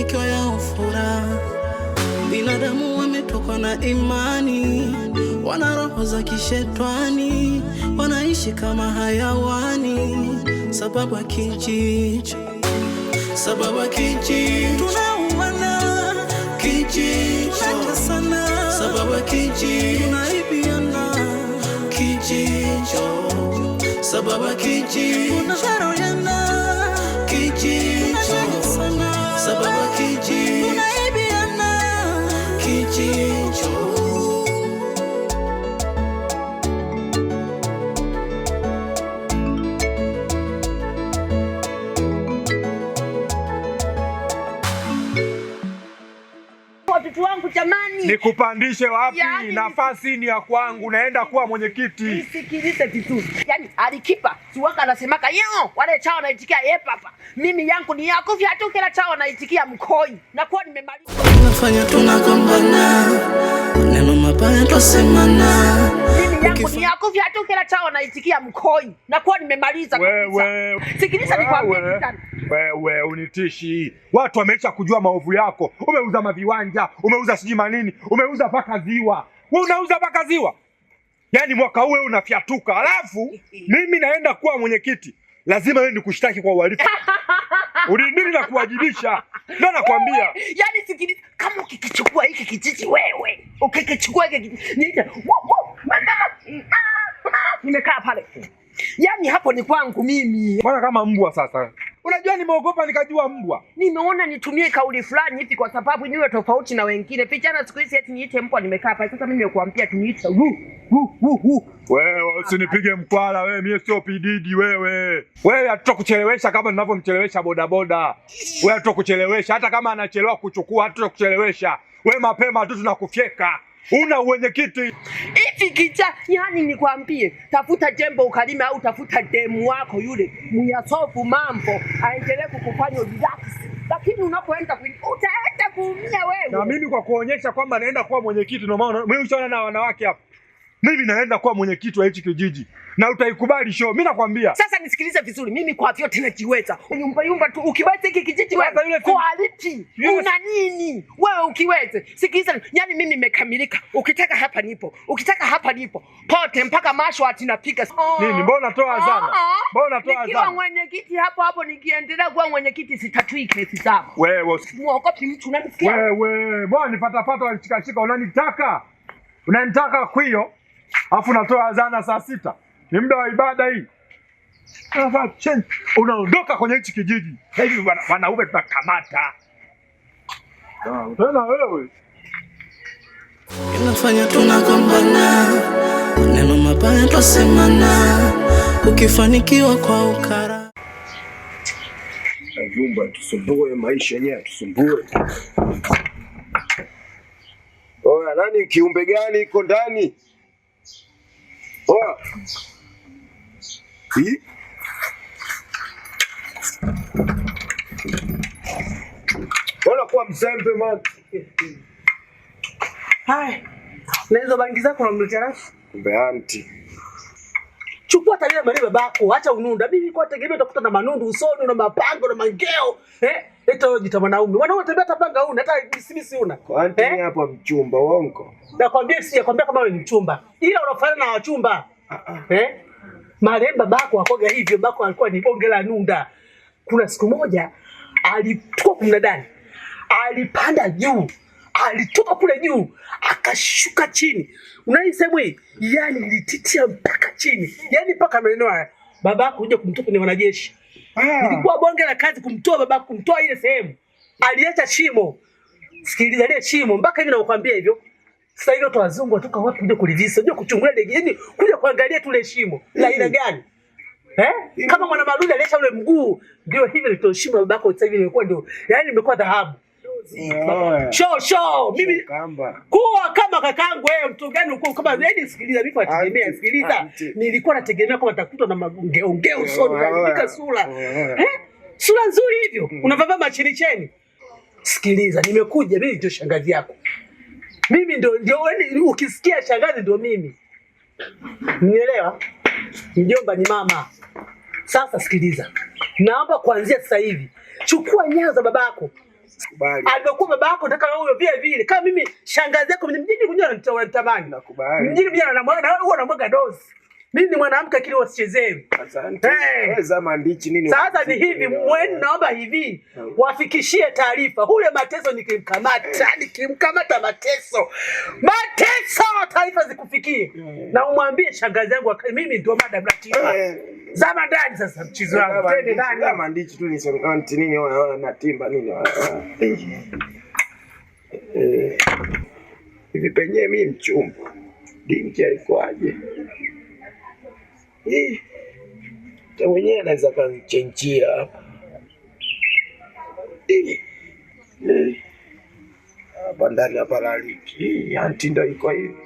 mapikio ya furaha. Binadamu wametokwa na imani, wana roho za kishetwani, wanaishi kama hayawani, sababu ya kijiji, sababu ya kijiji, tunauana kijiji sana, sababu ya kijiji, tunaibiana kijiji sababu ya kijiji, tunashauriana kijiji, sababu jamani, nikupandishe wapi? Yani, nafasi ni ya kwangu, naenda kuwa mwenyekiti. Nisikilize kitu. yani alikipa tuwaka anasemaka yeo, wale chao naitikia ye papa, mimi yangu ni yako vyatu, kila chao naitikia mkoi, Na nakuwa nimemaliza. Tunafanya tunagombana, neno mabaya twasemana yangu ni yako vyatu, kila chao naitikia mkoi, Na kwa nimemaliza kabisa. Sikiliza nikwambie kitu wewe unitishi, watu wameisha kujua maovu yako. Umeuza maviwanja, umeuza sijui manini, umeuza mpaka ziwa. Wewe unauza mpaka ziwa, yaani mwaka huu wewe unafyatuka, alafu mimi naenda kuwa mwenyekiti, lazima wewe nikushtaki kwa uhalifu ulinini na kuwajibisha, ndio nakwambia. Yaani sikiliza, kama ukikichukua hiki kijiji wewe, ukikichukua hiki kijiji nimekaa pale, yaani hapo ni kwangu mimi, mbona kama mbwa sasa Unajua nimeogopa nikajua mbwa. Nimeona nitumie kauli fulani hivi kwa sababu niwe tofauti na wengine. pichana siku hizi eti niite mbwa nimekaa pale. Sasa mimi nimekuambia tuniite. Wewe usinipige mkwala wewe, mimi sio pididi wewe. Wewe hatutokuchelewesha kama ninavyomchelewesha bodaboda. Wewe hatutakuchelewesha hata kama anachelewa kuchukua hatutakuchelewesha. Wewe mapema tu tunakufyeka una uwenyekiti. Hivi kicha, yani nikwambie, tafuta jembo ukalime, au tafuta demu wako yule myasofu mambo aendelee kukufanya relax. Lakini unapoenda utaenda kuumia wewe. Na mimi kwa kuonyesha kwamba naenda kuwa mwenyekiti ndio maana mimi ushaona na wanawake hapa mimi naenda kuwa mwenyekiti wa hichi kijiji na utaikubali show. Mimi nakwambia. Sasa nisikilize vizuri, mimi kwa vyote najiweza. unyumba yumba tu ukibaki hiki kijiji wewe yule quality. Una nini? Wewe ukiweze. Sikiliza, yani mimi nimekamilika. Ukitaka hapa nipo. Ukitaka hapa nipo. Pote mpaka masho ati napiga. Nini? Mbona unatoa adhabu? Ah, ah. Mbona unatoa adhabu? Nikiwa mwenyekiti hapo hapo nikiendelea kuwa mwenyekiti sitatui kesi zangu. Wewe muogopi mtu unanisikia? Wewe, mbona nipata pata walichikashika unanitaka? Unanitaka kwio? alafu natoa azana saa sita, ni muda wa ibada hii, unaondoka kwenye hichi kijiji hivi. Wanaume tunakamata tena wewe, inafanya tunagombana, neno mabaya twasemana, ukifanikiwa kwa ukara vyumba tusumbue, maisha yenyewe tusumbue. Oya, nani kiumbe gani iko ndani? Poa. Hii. Bora kuwa msembe man. Hai. Na bangiza kuna zako unamletea Kumbe anti. Chukua tarehe ya babako, acha ununda. Mimi kwa tegemea utakuta na manundu usoni na mapango na mangeo. Eh? Ito jita mwanaume. Mwanaume tembea tapanga una hata bisibisi una. Kwani eh? Hapo mchumba wonko. Nakwambia si yakwambia kama wewe ni mchumba. Ila unafanana na wachumba. Uh -uh. Eh? Marehemu babako akoga hivyo, babako alikuwa ni bonge la nunda. Kuna siku moja alitoka kumnadani. Alipanda juu. Alitoka kule juu akashuka chini. Unaisema hii? Yaani ilititia mpaka chini. Yaani mpaka maeneo haya. Babako kuja kumtupa ni wanajeshi. Ah. Ilikuwa bonge la kazi kumtoa baba, kumtoa ile sehemu. Aliacha shimo. Sikiliza ile shimo mpaka hivi nakwambia hivyo. Sasa hivi watu wazungu watoka wapi kuja kulivisa? Ndio kuchungulia ndege. Yaani kuja kuangalia tule shimo. La aina hmm. gani? Eh? Kama hmm. mwana marudi aliacha ule mguu ndio hivi ile shimo babako sasa hivi imekuwa ndio. Yaani imekuwa dhahabu show show, mimi kuwa kama kakangu wewe, mtu gani uko kama wewe? Sikiliza mimi nategemea, sikiliza, nilikuwa nategemea kama takuta na maongeongeo usoni, unaandika sura eh, sura nzuri hivyo, mm. unavaa machini Sikiliza, nimekuja mimi, ndio shangazi yako mimi, ndio ndio, ukisikia shangazi ndio mimi, mnielewa? Mjomba ni mama. Sasa sikiliza, naomba kuanzia sasa hivi chukua nyaya za babako Nakubali. Alivyokuwa baba yako nataka na vile vile. Kama mimi shangazi yako mjini kunyoa nitamani. Nakubali. Mjini mjini anamwaga na huwa anamwaga dozi. Mimi ni mwanamke akili wasichezewe. Sasa ni hivi mwenu, naomba hivi wafikishie taarifa, ule Mateso nikimkamata, eh. nikimkamata Mateso, Mateso, taarifa zikufikie eh. na umwambie shangazi yangu, mimi ndio madam Latifa. Eh. Zama ndani sasa, mchizo wangu twende ndani. Kama ndichi tu ni anti nini, na timba nini wewe. hivi, penye mimi mchumba Dinki alikuwaje? Eh, mwenyewe anaweza kanichenjia hapa eh, eh, hapa ndani ya paraliki antindo iko hivi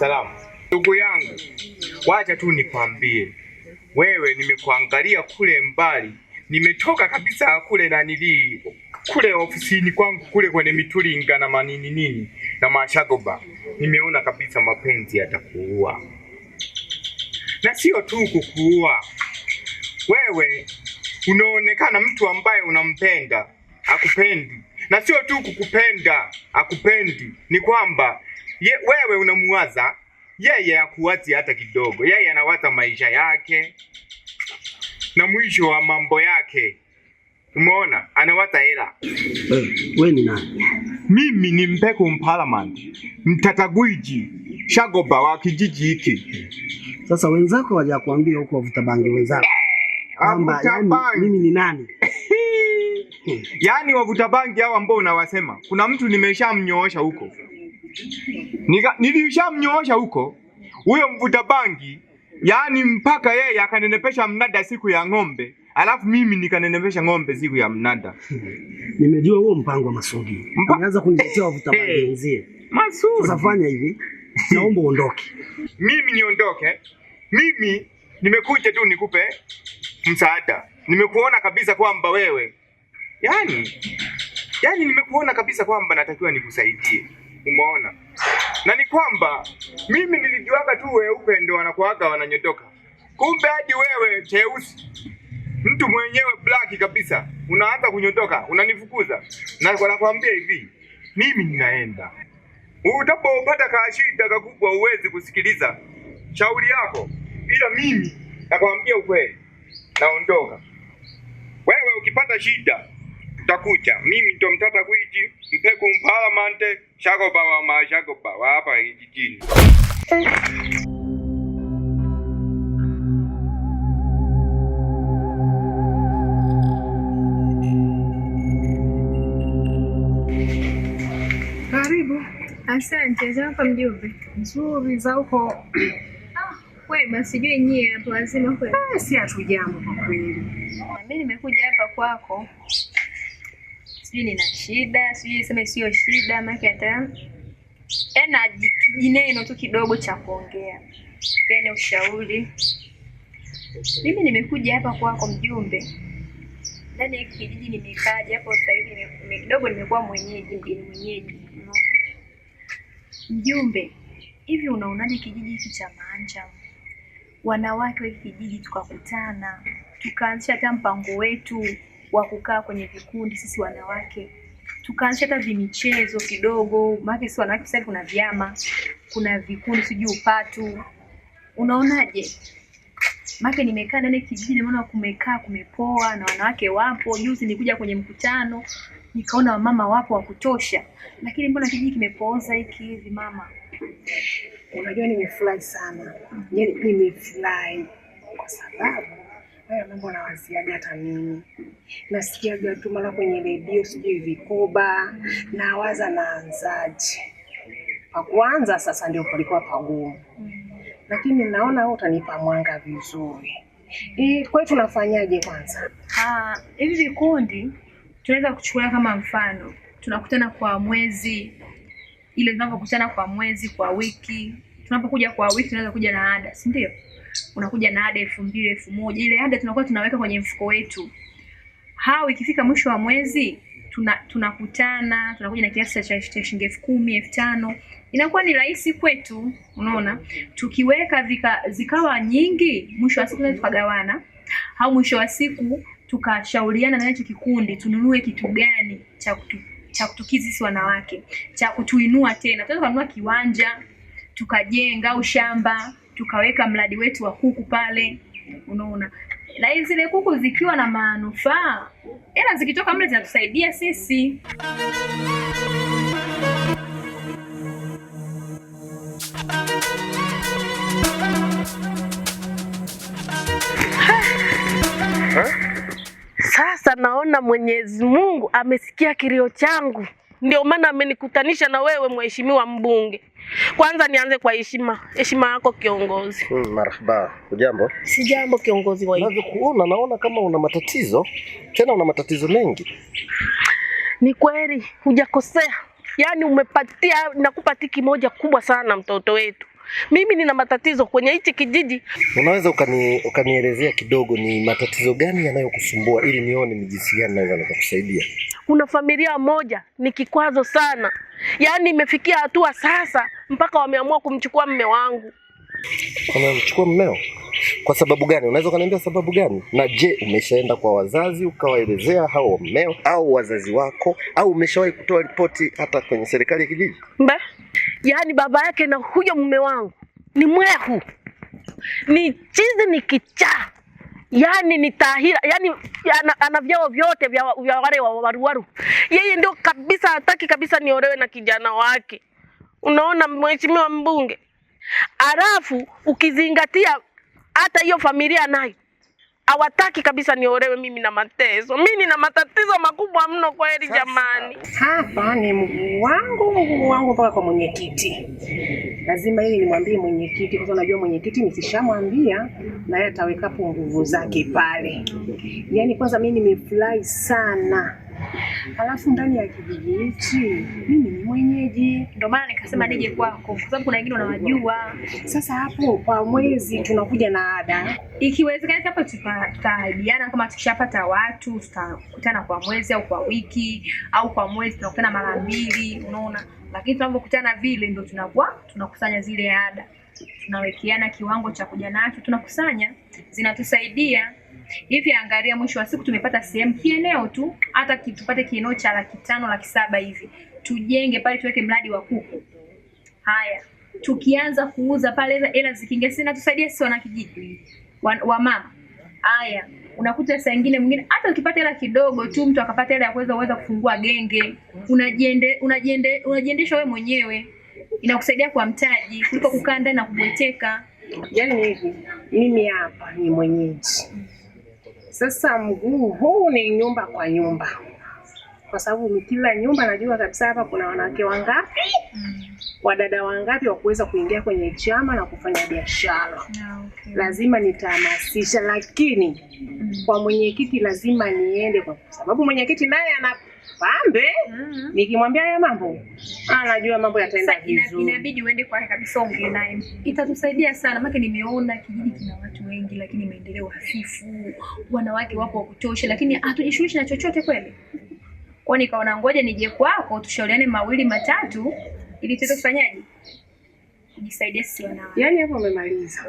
salamu. Ndugu yangu, wacha tu nikwambie, wewe nimekuangalia kule mbali, nimetoka kabisa kule na nilii kule ofisini kwangu kule kwenye mitulinga na manini nini na mashagoba, nimeona kabisa mapenzi yatakuua, na sio tu kukuua wewe. Unaonekana mtu ambaye unampenda, akupendi, na sio tu kukupenda, akupendi, ni kwamba Ye, wewe unamuwaza yeye hakuwazi hata kidogo. Yeye anawaza maisha yake na mwisho wa mambo yake. Umeona, anawaza hela. Eh, wewe ni nani? Mimi ni Mpeku Mparliament, mtatagwiji shagoba wa kijiji hiki. Sasa wenzako wajakuambia huko wavuta bangi wenzako eh, kwamba yani, mimi ni nani? Yaani wavuta bangi hao ambao unawasema, kuna mtu nimeshamnyoosha huko nilishamnyoosha huko huyo mvuta bangi, yaani mpaka yeye akanenepesha mnada siku ya ng'ombe, alafu mimi nikanenepesha ng'ombe siku ya mnada. Nimejua huo mpango wa Masudi. Mpa... Ameanza kuniletea mvuta bangi wenzie. Masudi. Sasa fanya hivi. Naomba uondoke. Mimi niondoke? Mimi nimekuja tu nikupe msaada. Nimekuona kabisa kwamba wewe, yaani yaani, nimekuona kabisa kwamba natakiwa nikusaidie umeona. Na ni kwamba mimi nilijuaga tu weupe ndio wanakuaga wananyotoka, kumbe hadi wewe cheusi mtu mwenyewe black kabisa unaanza kunyotoka, unanifukuza na nakwambia hivi, mimi ninaenda. Utapopata kashida kakubwa, uwezi kusikiliza shauri yako, ila mimi nakwambia ukweli, naondoka. Wewe ukipata shida takucha mimi ndo mtata kwiti mpeku mpalamante shakopa wa mashakopa wa hapa ijijini Karibu. Asante zako mjumbe. Nzuri za huko. Ah, Kwema, sijui nyie hapo wazima kweli? Eh, si hatujambo kwa kweli. Mimi nimekuja hapa kwako sijui nina shida, sijui sema isiyo shida, maana hata ena yaani jineno tu kidogo cha kuongea, pene yaani ushauri. Mimi nimekuja hapa kwako mjumbe, ndani ya kijiji nimekaaje hapo sasa hivi kidogo nimekuwa mwenyeji, mgeni mwenyeji, unaona mjumbe. Hivi unaonaje kijiji hiki cha Maanja, wanawake wa kijiji tukakutana, tukaanzisha hata mpango wetu wa kukaa kwenye vikundi, sisi wanawake tukaanzisha hata vimichezo kidogo, maana sisi wanawake sasa kuna vyama, kuna vikundi, sijui upatu, unaonaje? Maana nimekaa ndani kijiji, nimeona kumekaa kumepoa na wanawake wapo. Juzi nikuja kwenye mkutano nikaona wamama wapo wa kutosha, lakini mbona kijiji kimepooza hiki hivi? Mama, unajua nimefurahi sana, yaani nimefurahi kwa sababu haya mambo nawasiaga hata mimi nasikiaga tu mara kwenye redio, sijui vikoba, nawaza naanzaje pa kwanza Sasa ndio palikuwa pagumu, lakini naona wewe utanipa mwanga vizuri. E, kwa hiyo tunafanyaje kwanza? Ah, hivi vikundi tunaweza kuchukua kama mfano, tunakutana kwa mwezi, ile tunapokutana kwa mwezi, kwa wiki, tunapokuja kwa wiki tunaweza kuja na ada, si ndio? unakuja na ada elfu mbili elfu moja Ile ada tunakuwa tunaweka kwenye mfuko wetu. Hao ikifika mwisho wa mwezi tunakutana tuna tunakuja na kiasi cha shilingi elfu kumi elfu tano inakuwa ni rahisi kwetu, unaona. Tukiweka vika, zikawa nyingi, mwisho wa siku tukagawana, au mwisho wa siku tukashauriana na hicho kikundi tununue kitu gani cha kutu, cha kutukizi sisi wanawake cha kutuinua tena, tunaweza kununua kiwanja tukajenga au shamba tukaweka mradi wetu wa kuku pale, unaona. Na hizi zile kuku zikiwa na manufaa, hela zikitoka mle zinatusaidia sisi. Sasa naona Mwenyezi Mungu amesikia kilio changu. Ndio maana amenikutanisha na wewe mheshimiwa mbunge. Kwanza nianze kwa heshima, heshima yako kiongozi. Mm, marhaba. Ujambo? Si jambo kiongozi wa hivi. Kuona naona kama una matatizo tena, una matatizo mengi. Ni kweli, hujakosea. Yaani umepatia, nakupa tiki moja kubwa sana mtoto wetu. Mimi nina matatizo kwenye hichi kijiji. Unaweza ukani ukanielezea kidogo ni matatizo gani yanayokusumbua ili nione ni jinsi gani naweza nikakusaidia? Kuna familia moja ni kikwazo sana, yaani imefikia hatua sasa mpaka wameamua kumchukua mme wangu. Wamemchukua mmeo? Kwa sababu gani? Unaweza ukaniambia sababu gani? Na je, umeshaenda kwa wazazi ukawaelezea hao mmeo au wazazi wako, au umeshawahi kutoa ripoti hata kwenye serikali ya kijiji? Mba? yaani baba yake na huyo mume wangu ni mwehu, ni chizi, ni kichaa, yaani ni tahira, yaani ana vyao vyote vya wale wa waruwaru. Yeye ndio kabisa hataki kabisa niolewe na kijana wake. Unaona mheshimiwa mbunge, alafu ukizingatia hata hiyo familia nayo hawataki kabisa niolewe mimi na mateso. Mimi nina matatizo makubwa mno kweli jamani. Hapa ni mguu wangu mguu wangu mpaka kwa mwenyekiti, lazima hili nimwambie mwenyekiti, kwa sababu najua mwenyekiti nikishamwambia na yeye ataweka nguvu zake pale. Yaani kwanza mimi nimefurahi sana Halafu ndani ya kijiji hichi mimi ni mwenyeji, ndio maana nikasema nije kwako, kwa sababu kuna wengine unawajua. Sasa hapo kwa mwezi tunakuja na ada, ikiwezekana hapo tutaajiana, kama tukishapata watu tutakutana kwa mwezi au kwa wiki au kwa mwezi tunakutana mara mbili, unaona. Lakini tunapokutana vile ndio tunakuwa tunakusanya zile ada, tunawekeana kiwango cha kuja nacho, tunakusanya, zinatusaidia hivi. Angalia, mwisho wa siku tumepata sehemu kieneo tu, hata tupate kieneo cha laki tano laki saba hivi, tujenge pale, tuweke mradi wa kuku. Haya, tukianza kuuza pale, hela zikiingia, sisi natusaidia sisi wana wanakijiji wamama. Haya, unakuta saa nyingine mwingine hata ukipata hela kidogo tu, mtu akapata hela ya kuweza uweza kufungua genge, unajiende unajiende unajiendesha wewe mwenyewe, inakusaidia kwa mtaji kuliko kukaa ndani na kubweteka. Yaani hivi mimi hapa ni mwenyeji sasa mguu huu ni nyumba kwa nyumba, kwa sababu ni kila nyumba najua kabisa hapa kuna wanawake wangapi, mm. wadada wangapi wa kuweza kuingia kwenye chama na kufanya biashara ah, okay. Lazima nitahamasisha, lakini mm. kwa mwenyekiti lazima niende, kwa sababu mwenyekiti naye ana pambe mm-hmm. Nikimwambia haya mambo anajua ah, mambo yataenda vizuri. Inabidi uende kwake kabisa, ongee naye, itatusaidia sana maana nimeona kijiji kina watu wengi, lakini maendeleo hafifu, wanawake wako wa kutosha, lakini hatujishughulishi na chochote kweli. Kwa nikaona ngoja nije kwako tushauriane mawili matatu, ili tuweze kufanyaje kujisaidia sisi wanawake. Yaani hapo umemaliza,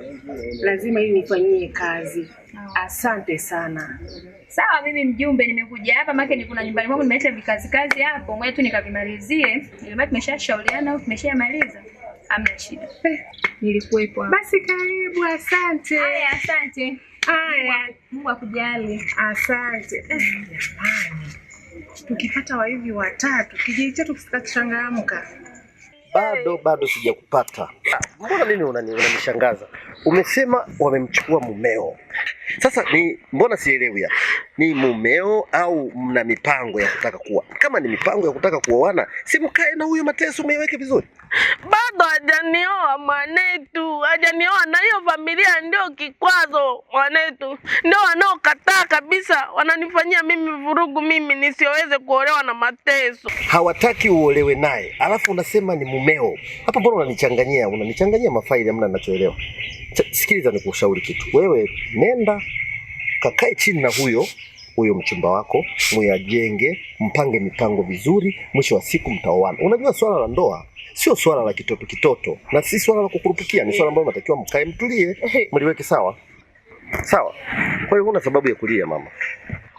lazima hii nifanyie kazi. Asante sana. Sawa, mimi mjumbe, nimekuja hapa maana ni kuna nyumbani mwangu nimeleta vikazi kazi hapo, ngoja tu nikavimalizie. Ilibaki tumeshashauriana au tumeshamaliza. Hamna shida. Eh, nilikuwepo. Basi karibu, asante. Haya, asante. Haya, Mungu akujali. Asante. Eh, jamani. Tukipata wa hivi watatu, kijiji chetu kitakachangamka bado bado sijakupata. Mbona mimi unanishangaza? Umesema wamemchukua mumeo, sasa ni mbona sielewi hapa? ni mumeo au mna mipango ya kutaka kuwa? Kama ni mipango ya kutaka kuoana, si mkae na huyo Mateso, umeiweke vizuri. Bado hajanioa mwanetu, hajanioa na hiyo familia ndio kikwazo mwanetu, ndio wanaokataa kabisa, wananifanyia mimi vurugu, mimi nisiweze kuolewa na Mateso. Hawataki uolewe naye, alafu unasema ni mumeo. Hapo mbona unanichanganyia, unanichanganyia mafaili, hamna ninachoelewa. Sikiliza, nikushauri kitu, wewe nenda kakae chini na huyo huyo mchumba wako, muyajenge, mpange mipango vizuri, mwisho wa siku mtaoana. Unajua swala la ndoa sio swala la kitoto kitoto, na si swala la kukurupukia, ni swala ambalo natakiwa mkae, mtulie, mliweke sawa sawa. Kwa hiyo huna sababu ya kulia mama.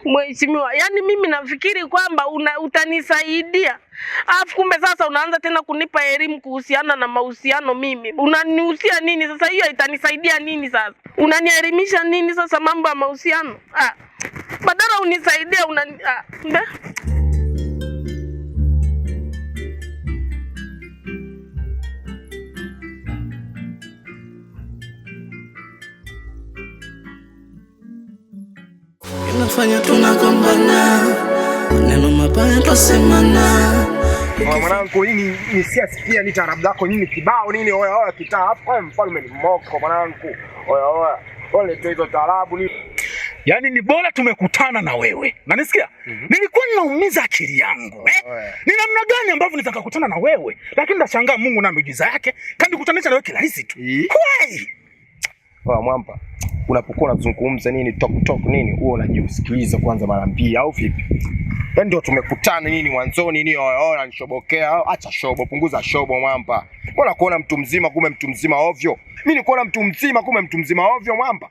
Mheshimiwa, yani mimi nafikiri kwamba una, utanisaidia Alafu kumbe sasa unaanza tena kunipa elimu kuhusiana na mahusiano. Mimi unanihusia nini sasa? Hiyo itanisaidia nini sasa? Unanielimisha nini sasa mambo ya mahusiano? Ah, badala unisaidia unani ah, mbe Tunafanya tunagombana maneno mabaya twasemana. Mwanangu, hii ni siasi pia, ni tarabu lako nini, kibao nini, oya oya, kitaa hapo. kwa eh, mfalme ni moko mwanangu, oya oya, tu hizo tarabu ni Yaani ni bora tumekutana na wewe. Nanisikia? Mm -hmm. Nilikuwa ninaumiza akili yangu eh? Oh, yeah. Ni namna gani ambavyo nitaka na wewe? Lakini nashangaa Mungu na miujiza yake kanikutanisha na wewe kirahisi tu. Kweli fahamu hapa unapokuwa unazungumza nini tok tok nini, huo unajisikiliza kwanza mara mbili au vipi? Yani ndio tumekutana nini mwanzoni nini, nanishobokea. Oh, oh, oh, acha shobo, punguza shobo mwamba. Mbona kuona mtu mzima kumbe mtu mzima ovyo? Mimi ni kuona mtu mzima kumbe mtu mzima ovyo mwamba.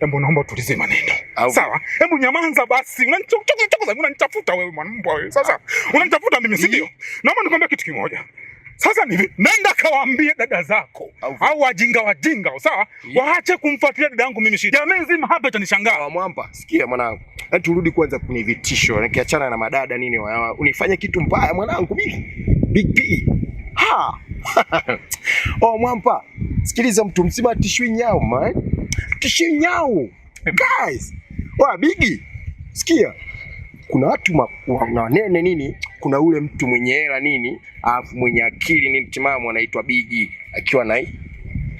Hebu naomba tulize maneno. Sawa? Hebu nyamanza basi. Unanichokoza, unanitafuta wewe mwanambo wewe. Sasa ah. unanitafuta mimi si ndio? Mm. Naomba nikwambie kitu kimoja. Sasa ni nenda kawaambie dada zako au wajinga wajinga, sawa? Yeah. Waache kumfuatilia dada yangu mimi shida. Jamii nzima hapa itanishangaa. Wa ah, mwampa, sikia mwanangu. Hebu yaani turudi kwanza kwenye vitisho. Nikiachana na madada nini wa, unifanye kitu mbaya mwanangu mimi. Big P. Ha. Oh mwampa. Sikiliza mtu mzima tishwi nyao, man. Tishwi nyao. Guys. Wa bigi. Sikia kuna watu wanene nini, kuna ule mtu mwenye hela nini, alafu mwenye akili nini timamu anaitwa Bigi akiwa na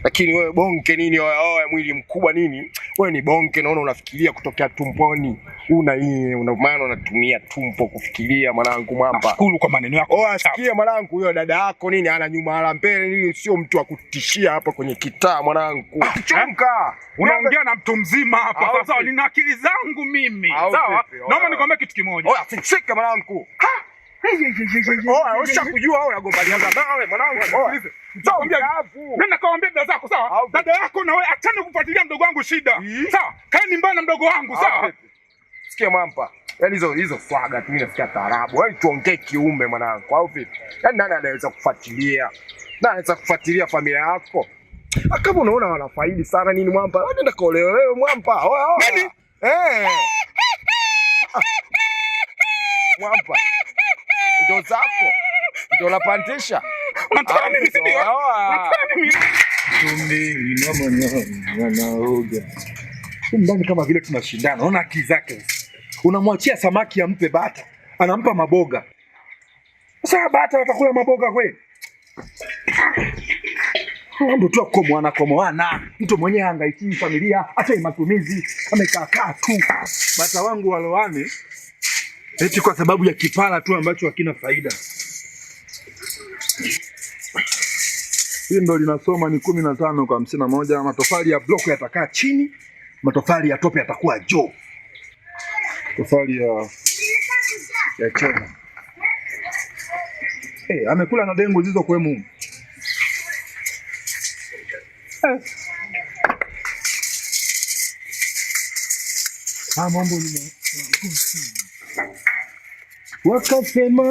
lakini wewe bonke nini, wewe mwili mkubwa nini, wewe ni bonke, naona unafikiria kutokea tumboni Una yeye una maana unatumia tumbo kufikiria, mwanangu mwamba. Nashukuru kwa maneno yako. Oh, asikie mwanangu, huyo dada yako nini ana nyuma ala mbele nini, sio mtu wa kutishia hapa kwenye kitaa mwanangu. Ah, Chunga. Ah, Unaongea na mtu mzima hapa. Sasa nina akili zangu mimi. Sawa? Naomba nikwambie kitu kimoja. Oh, afichike mwanangu. Ushakujua dada yako na wewe, achana kufuatilia mdogo wangu shida, sawa? Kaeni mbali na mdogo wangu, sawa? Sikia mwampa, yaani hizo hizo swaga tu, nasikia taarabu. Yaani tuongee kiume, mwanangu, au vipi? Yaani nani anaweza kufuatilia, nani anaweza kufuatilia familia yako ah, kama unaona wanafaidi sana nini? Mwampa, nenda kaolewe wewe, mwampa. Eh. Ah. Mwampa ndo zako, ndo unapandisha ah, ndani ah. kama vile tunashindana. Unaona akili zake, unamwachia samaki ampe bata, anampa maboga. Sasa bata watakula maboga kweli? Mambo tu akomoana komoana, mtu mwenyewe hangaiki familia, hata matumizi, amekaa kaa tu. Bata wangu waloane eti kwa sababu ya kipara tu ambacho hakina faida. Hii ndo linasoma ni kumi na tano kwa hamsini na moja. Matofali ya bloko yatakaa chini, matofali ya tope yatakuwa juu. Tofali ya ya choma. Hey, eh, amekula na dengu eh. Ah, mambo ni wakasema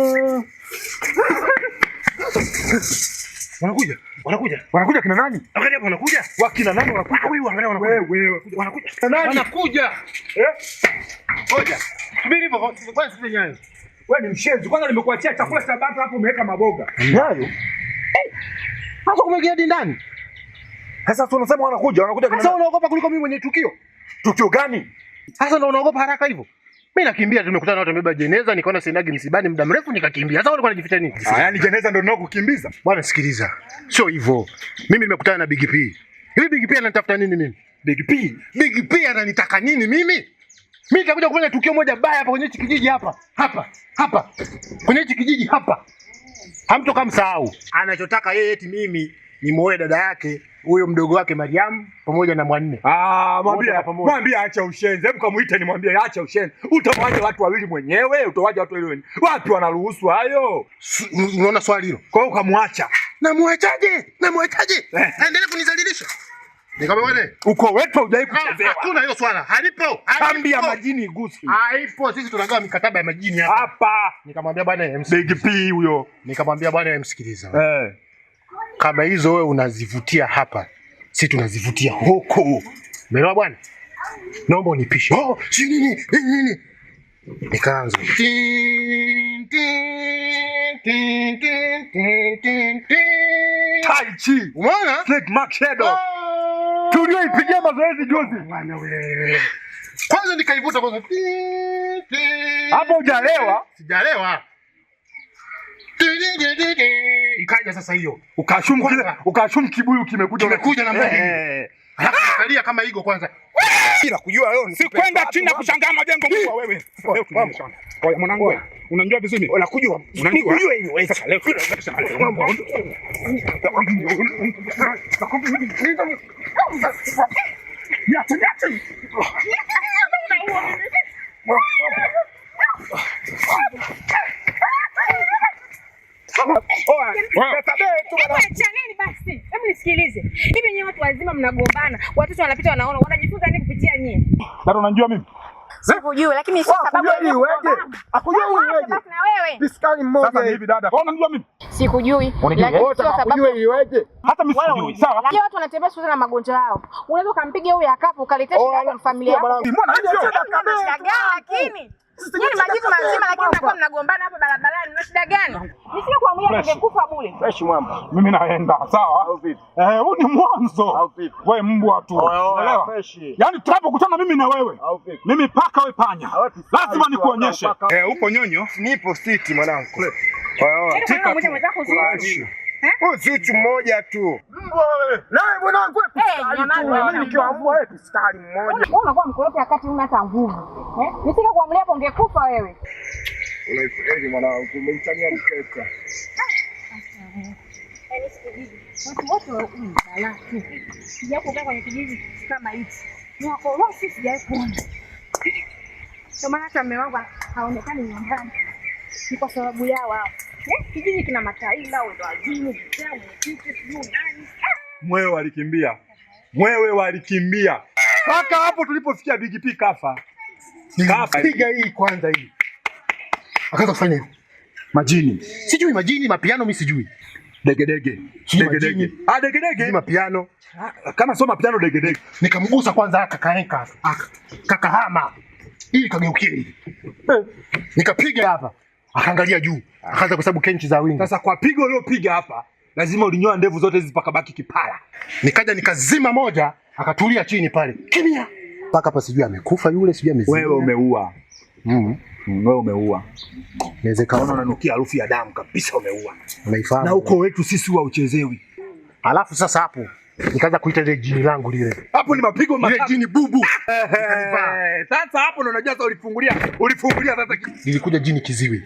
wanakuja wanakuja wanakuja kina nani? Angalia hapo wanakuja. Wakina nani wanakuja? Huyu angalia wanakuja. Wewe wewe wanakuja. Kina Nani? Wanakuja. Eh? Ngoja. Subiri hapo, kwani sisi nyayo. Wewe ni mshenzi. Kwanza nimekuachia chakula cha bata hapo umeweka maboga. Nyayo. Sasa eh, kumegea ndani. Sasa tunasema wanakuja, wanakuja kina nani? Sasa unaogopa kuliko mimi mwenye tukio. Tukio gani? Sasa ndio unaogopa haraka hivyo. Mimi nakimbia, tumekutana na watu wamebeba jeneza, nikaona sinagi msibani muda mrefu nikakimbia. Sasa walikuwa wanajificha nini? Ah, yani jeneza ndio ninakukimbiza. Bwana sikiliza. Sio hivyo. Mimi nimekutana na Big P. Hivi Big P ananitafuta nini mimi? Big P. Big P ananitaka nini mimi? Mimi nitakuja kufanya tukio moja baya hapa kwenye hichi kijiji hapa. Hapa. Hapa. Kwenye hichi kijiji hapa. Hamtoka msahau. Anachotaka yeye eti mimi ni muoe dada yake huyo mdogo wake Mariam pamoja na mwanne. Ah, mwambie mwambie acha ushenzi. Hebu kamuite mwambie acha ushenzi. Utamwaje watu wawili mwenyewe? Utawaje watu wawili? Wapi wanaruhusu hayo? Unaona swali hilo. Kwa hiyo ukamwacha. Namwachaje? Namwachaje? Aendelee eh. kunizalilisha. wewe, Uko wetu hujai kuchezewa. Ah, hakuna hiyo swala. Halipo. Kambi ya majini gusi. Haipo. Sisi tunagawa mikataba ya majini hapa. Hapa. Nikamwambia bwana MC. Big P huyo. Nikamwambia bwana MC, msikiliza. Eh kama hizo wewe unazivutia hapa, si tunazivutia huko. Umeelewa bwana? Naomba unipishe. Oh, si nini nini, nini? nikaanza tai chi. Umeona Snake Mark Shadow ah! Tulio ipigia mazoezi juzi. Bwana wewe kwanza nikaivuta kwanza hapo, hujalewa? Sijalewa. Ikaja sasa hiyo. Ukashum kwanza, ukashum kibuyu kimekuja. Kimekuja na mbele Eh. eh. Angalia kama higo kwanza. Bila kujua wewe si kwenda China kushangaa majengo kwa wewe. Mwanangu, unanijua vizuri mimi. kujua Unanijua. hiyo hiyo. sasa leo. Nyata nyata. Unaua Yaani, Chaneni basi, hebu nisikilize. Hivi nyewe watu wazima mnagombana, watoto wanapita wanaona, wanajifunza nini kupitia nyie? Sasa unajua mimi sikujui, lakini si sababu ya wewe. Akujua wewe weje? Na wewe biskali mmoja sasa hivi dada, kwa unajua mimi sikujui, lakini sio sababu ya wewe. Hata mimi sikujui, sawa? Leo watu wanatembea sikuza na magonjwa yao, unaweza ukampiga huyu akapo ukaletea shida oh, kwa familia yako. Mbona hivyo? Lakini ni majivu mazima lakini mnakuwa mnagombana hapo barabarani. Mna shida gani? Nisije kuamua ningekufa bure. Fresh mwamba. Mimi naenda, sawa? Au Eh, huu ni mwanzo. Au Wewe mbwa tu. Unaelewa? Yaani tunapokutana mimi na wewe. Au vipi? Mimi paka wewe panya. Lazima nikuonyeshe. Eh, upo nyonyo? Nipo siti mwanangu. Kwa hiyo, yaani tika tu. Eh? si uchu mmoja tu unakuwa eh, mkorofi wakati una hata nguvu. Eh? Nisika kwa mlepo ungekufa wewe. Watu wote wa msalati. Sijapokaa kwenye kijiji kama hichi. Ni wakorofi sijawahi kuona. Ndio maana hata mume wangu haonekani nyumbani ni kwa sababu yao hao. Kijiji kina mataila, wendo wazimu, Mwewe walikimbia, mwewe walikimbia mpaka hapo tulipofikia. Big P kafa, piga hii kwanza, hii akaanza kufanya hivi majini, sijui majini, mapiano, mi sijui degedege degedege, ah, degedege mapiano, kama sio mapiano, degedege. Nikamgusa kwanza, akakaeka, ah, kakahama, ili kageukie hivi, eh. nikapiga hapa akaangalia juu, akaanza kuhesabu kenchi za wingi. Sasa kwa pigo uliopiga hapa, lazima ulinyoa ndevu zote hizi baki kipara. Nikaja nikazima moja, akatulia chini pale kimya mpaka hapa, sijui amekufa yule, sijui amezima. Wewe umeua. Mm. mm wewe umeua. Inawezekana unanukia harufu ya damu kabisa, umeua. Unaifahamu. Na uko wetu sisi wa uchezewi. Alafu sasa hapo nikaanza kuita ile jini langu lile. Hapo ni mapigo matatu. Ile jini bubu. Sasa hapo ndo unajua sasa ulifungulia, ulifungulia sasa. Nilikuja jini kiziwi.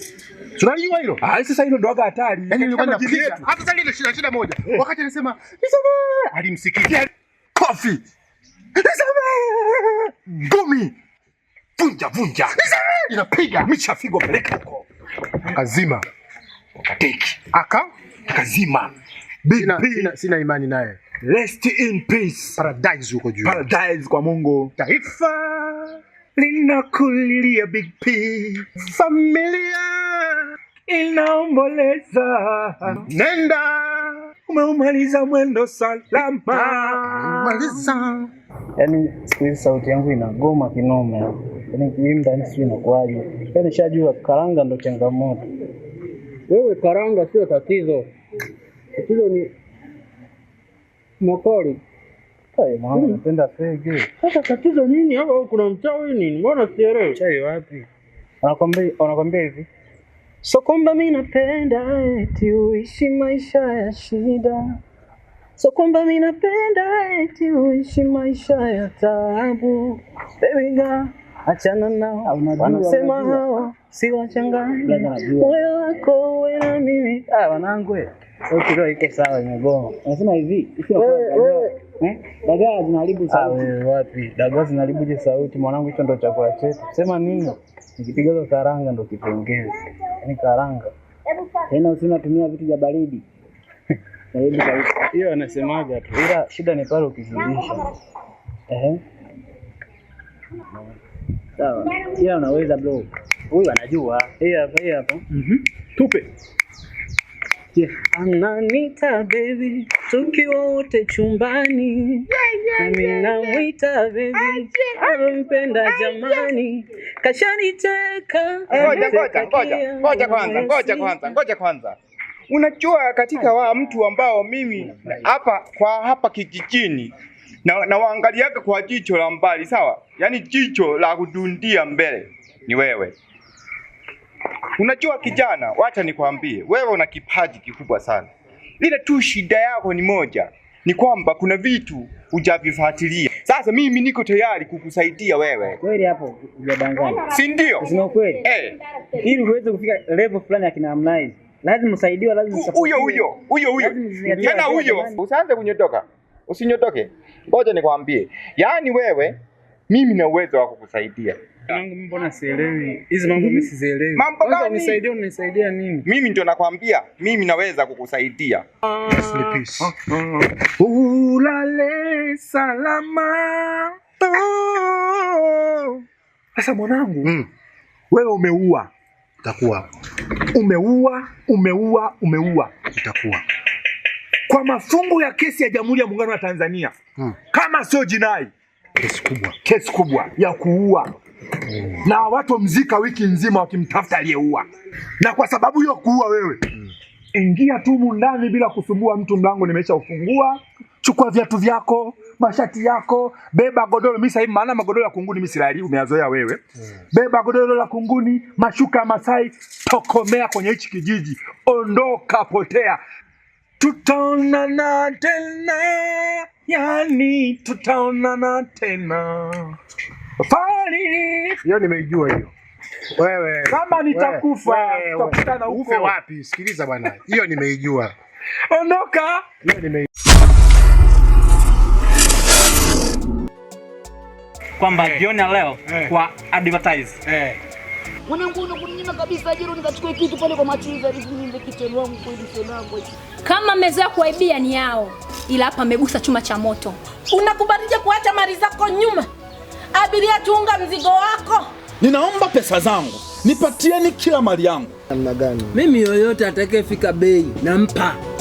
Tunajua hilo? Ah, sasa hilo ndo waga hatari. Yaani nilikuwa nafikiria yetu. Hata sasa ile shida shida moja. Eh. Wakati anasema, "Nisamehe." Alimsikia. Kofi. Nisamehe. Gumi. Vunja vunja. Nisamehe. Inapiga micha figo peleka huko. Akazima. Akateki. Aka akazima. Sina, sina imani naye. Rest in peace. Paradise huko juu. Paradise kwa Mungu. Taifa linakulilia Big P. Familia inaomboleza. Nenda umeumaliza mwendo salama. Maliza. Yaani siku hizi sauti yangu inagoma kinoma. Yaani kiimba ni sio inakuaje. Yaani shajua karanga ndo changamoto. Wewe karanga sio tatizo. Tatizo ni Mokoli. Chai mwanangu napenda sege. Sasa tatizo nini hapa au kuna mchawi nini? Mbona sielewi? Chai wapi? Wanakwambia hivi. So kwamba mimi napenda eti uishi maisha ya shida. So kwamba mimi napenda eti uishi maisha ya taabu. Baby girl, achana nao. Ah, Wanasema hawa si wachangani. Moyo wako wewe na mimi. Ah, wanangu wewe. Leo iko sawa imegoma. Nasema hivi, dagaa eh? zinaharibu sauti. Ah, wapi? Dagaa zinaharibu je sauti mwanangu, hicho ndo chakula chetu. Sema nini? Nikipiga karanga ndo kipengeze Yaani karanga. Tena usinatumia vitu vya baridi. Hiyo anasemaga tu. Ila shida ni pale ukizidisha. Eh. Sawa. Ila unaweza bro. Huyu anajua. Hii hapa, hii hapa. Mhm. Tupe. Ananita baby, tukiwa wote chumbani, nami namwita baby, amempenda jamani, kashaniteka. Ngoja kwanza, ngoja kwanza, ngoja kwanza. Unajua katika wa mtu ambao mimi hapa kwa hapa kijijini na, na waangaliaga kwa jicho la mbali sawa, yaani jicho la kudundia mbele ni wewe. Unajua kijana, wacha nikwambie, wewe una kipaji kikubwa sana. Ile tu shida yako ni moja, ni kwamba kuna vitu hujavifuatilia. Sasa mimi niko tayari kukusaidia wewe. Kweli hapo hujadanganya. Si ndio? Sema kweli. Eh. Ili uweze kufika level fulani ya kina Harmonize, lazima usaidiwe, lazima huyo huyo huyo huyo. Tena huyo. Usianze kunyotoka. Usinyotoke. Ngoja nikwambie. Yaani wewe mimi na uwezo wa kukusaidia. Mangu mbona sielewi. Hizi mambo mimi sizielewi. Mambo gani? Unisaidie, unisaidia nini? Mimi ndio nakwambia, mimi naweza kukusaidia. Ah, ah, ah. Ulale salama. Sasa mwanangu, hmm. Wewe umeua. Utakuwa. Umeua, umeua, umeua. Utakuwa. Kwa mafungu ya kesi ya Jamhuri ya Muungano wa Tanzania. Hmm. Kama sio jinai. Kesi kubwa. Kesi kubwa ya kuua na watu mzika wiki nzima wakimtafuta aliyeua, na kwa sababu hiyo kuua wewe mm. ingia tu ndani bila kusumbua mtu, mlango nimesha ufungua. Chukua viatu vyako, mashati yako, beba godoro. Mimi sasa maana magodoro ya kunguni mimi silali, umeazoea wewe mm. beba godoro la kunguni, mashuka ya Masai, tokomea kwenye hichi kijiji, ondoka, potea. Tutaonana tena, yani tutaonana tena. Fali. Hiyo nimeijua hiyo. Wewe kama nitakufa tutakutana huko. Ufe wapi? Sikiliza bwana. Hiyo nimeijua. Ondoka. Hiyo nimeijua. Kwamba hey. Eh. ya leo hey. Eh. Kwa advertise. Eh. Hey. Mwanangu kabisa ajira nikachukue kitu pale kwa machinza wangu Kama mezoea kuaibia ni yao. Ila hapa amegusa chuma cha moto. Unakubalija kuacha mali zako nyuma? Abiria, chunga mzigo wako. Ninaomba pesa zangu, nipatieni kila mali yangu. Namna gani? Mimi yoyote atakayefika bei nampa.